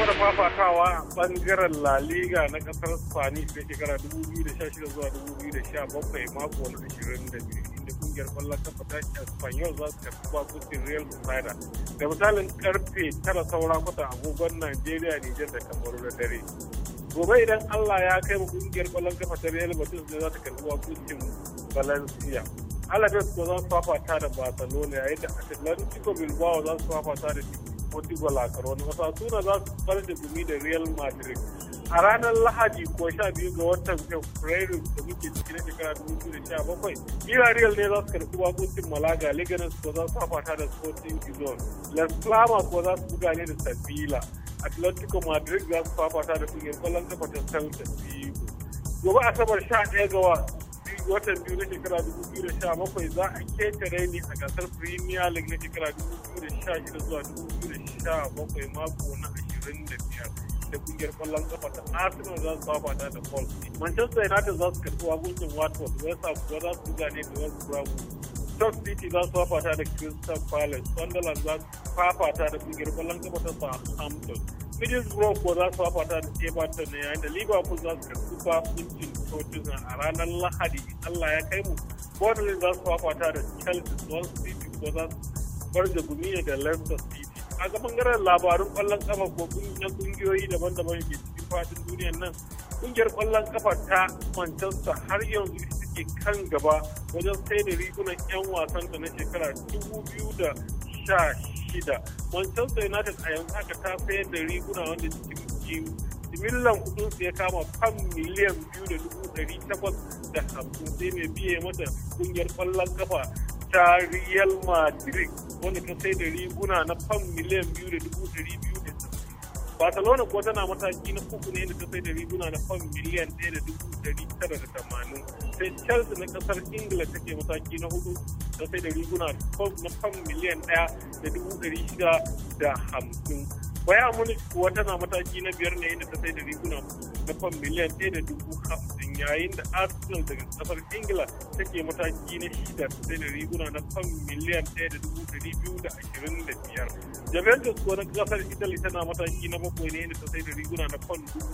gaba da fafatawa bangaren La Liga na kasar Spanish da shekara 2016 zuwa 2017 mako na 22 inda kungiyar kwallon kafa ta Espanyol za su karɓi bakuncin Real Sociedad da misalin karfe tara saura kwata agogon Najeriya Nijar da Kamaru da dare. Gobe idan Allah ya kai mu kungiyar kwallon kafa ta Real Madrid ne za ta karɓi bakuncin Valencia. Alaves ko za su fafata da Barcelona yayin da Atlantico Bilbao za su fafata da portugal a karoni osasuna za su fara da gumi da real madrid a ranar lahadi ko sha biyu ga watan fabrairu da muke ciki na shekara dubu biyu da sha bakwai villarreal ne za su karɓi wakuncin malaga liganes ko za su fafata da sporting gizon las palmas ko za su buga ne da sabila atlantico madrid za su fafata da kungiyar kwallon kafa ta celta gobe asabar sha ɗaya ga watan biyu na shekara bakwai za a ketare ni a gasar premier league na shekara shida zuwa biyu da sha 2017 mako na 25 da biyar da kungiyar kwallon kafa ta Arsenal za su fafata da Paul. Manchester United za su karɓi waguncin Watford, West Ham kuwa za su gane da West Bravo. Stoke City za su fafata da Crystal Palace, Sunderland za su fafata da kungiyar kwallon kafa ta Southampton. Middlesbrough ko za su fafata da Everton ne yayin da Liverpool za su karɓi bakuncin Tottenham a ranar uh, uh, Lahadi Allah ya kai mu. Bournemouth za su fafata da Chelsea, Swansea City ko za su bar da gumi da Leicester City. A ga bangaren labarun kwallon kafa ko na kungiyoyi daban-daban ke cikin fadin duniyar nan. ƙungiyar kwallon kafa ta Manchester har yanzu ke kan gaba wajen sai da rigunan 'yan wasan wasanta na shekara 2016. Manchester United a yanzu haka ta sayar da riguna wanda jimillan kudin su ya kama fam miliyan biyu da dubu ɗari takwas da hamsin sai mai biye mata kungiyar kwallon kafa ta Real Madrid wanda ta sayar da riguna na fam miliyan biyu da dubu ɗari biyu da barcelona ko tana mataki na uku ne da ta sai da riguna na fam miliyan ɗaya da dubu ɗari tara da tamanin sai chelsea na ƙasar ingila take mataki na hudu ta sai da riguna na fam miliyan ɗaya da dubu ɗari shida da hamsin baya munich kuwa tana mataki na biyar ne inda ta sai da riguna na fan miliyan ɗaya da dubu hamsin yayin da arsenal daga kasar ingila take mataki na shida ta sai da riguna na fan miliyan ɗaya da dubu ɗari biyu da ashirin da biyar juventus kuwa na kasar italy tana mataki na bakwai ne inda ta sai da riguna na fan dubu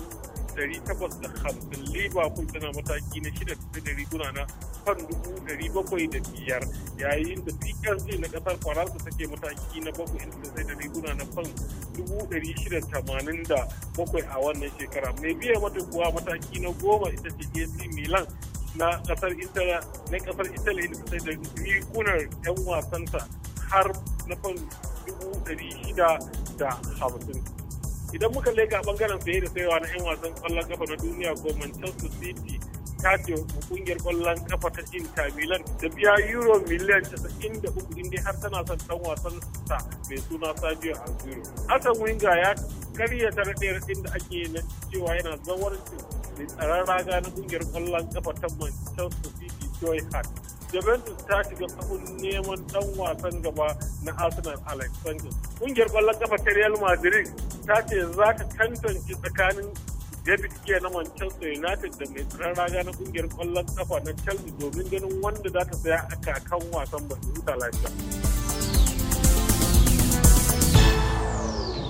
dari takwas da hamsin liverpool tana mataki na shida da riguna na kan dubu dari bakwai da biyar yayin da psg na kasar faransa take mataki na bakwai inda sai da riguna na kan dubu dari shida tamanin da bakwai a wannan shekara mai biya mata kuwa mataki na goma ita ce ac milan na kasar italiya na ƙasar italiya inda sai da rigunar 'yan wasanta har na kan dubu dari shida da hamsin idan muka leka bangaren saye da saiwa na 'yan wasan kwallon kafa na duniya ko manchester city ta ce kungiyar kwallon kafa ta inter milan da biya euro miliyan 93 inda har tana son dan wasan sa mai suna sadio aguero asan winga ya karya ta raɗe da ake na cewa yana zawar mai tsaron raga na kungiyar kwallon kafa ta manchester city joy hart Juventus ta shiga abun neman dan wasan gaba na Arsenal Alex Sanchez. Kungiyar kwallon kafa ta Real Madrid ta ce za ka kantance tsakanin David ke na Manchester United da mai tsirar raga na kungiyar kwallon kafa na Chelsea domin ganin wanda za ta saya a kakan wasan ba su huta lafiya.